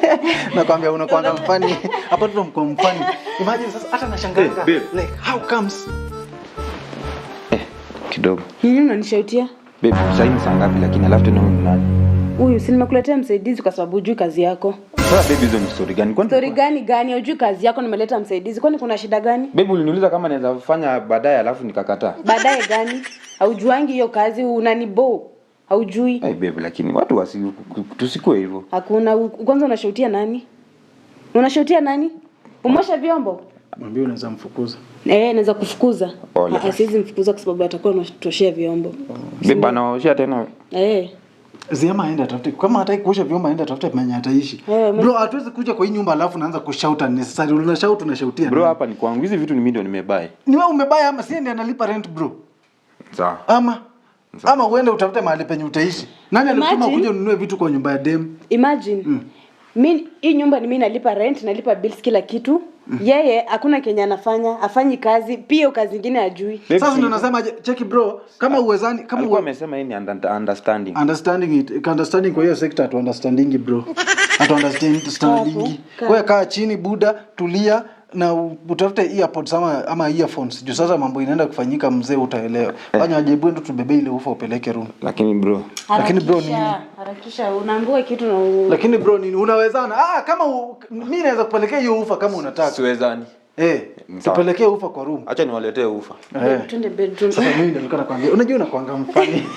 nakwambia unakwanga mfani hapa tu mfani imagine sasa hata nashangaza eh, how comes eh, kidogo nini unanishautia babe saa ngapi lakini alafu tena nani huyu si nimekuletea msaidizi kwa sababu hujui kazi yako hizo ni story gani kwani story gani gani hujui kazi yako nimeleta msaidizi kwani kuna shida gani babe uliniuliza kama naweza fanya baadaye alafu nikakataa baadaye gani haujuangi hiyo kazi unanibo haujui. Ai bebe, lakini watu wasi tusikue hivyo. Hakuna kwanza, unashautia nani? Unashautia nani? Umosha vyombo? Mwambie unaweza mfukuza. Eh, naweza kufukuza. Ah, siwezi mfukuza kwa sababu atakuwa anatoshea vyombo. Oh. Bebe anaoshia tena. Eh. Ziyama aende atafute. Kama hataki kuosha vyombo aende atafute manya ataishi. Hey, eh, bro, hatuwezi kuja kwa hii nyumba alafu naanza kushout unnecessary. Una shout unashautia. Bro, hapa ni kwangu. Hizi vitu ni mimi ndio nimebai. Ni wewe umebai ama si ndiye analipa rent bro? Sawa. Ama ama uende utafute mahali penye utaishi. Nani alikutuma kuja ununue vitu kwa nyumba ya demu? Imagine. Mm. Mimi hii nyumba ni mimi nalipa rent, nalipa bills kila kitu. Mm. Yeye hakuna kenye anafanya, afanyi kazi, pia kazi nyingine hajui. Sasa ndio nasema cheki bro, kama ah, uwezani, kama uwe... amesema hii ni understanding. Understanding it, understanding kwa hiyo sector tu understanding bro. Hata understanding. Wewe kaa chini buda, tulia, na utafute earpods ama, ama earphones juu sasa mambo inaenda kufanyika, mzee, utaelewa. Eh. Fanya wajibu ndo tubebe ile ufa upeleke room. Lakini bro, harakisha, lakini bro ni harakisha, unaambiwa kitu na u... lakini bro ni unawezana? Ah, kama u... mimi naweza kupelekea hiyo ufa kama unataka, siwezani. Eh, tupelekee ufa kwa room. Acha niwaletee ufa. Eh, twende bedroom. Sasa mimi ndio nilikuwa nakwambia, unajua unakwanga mfani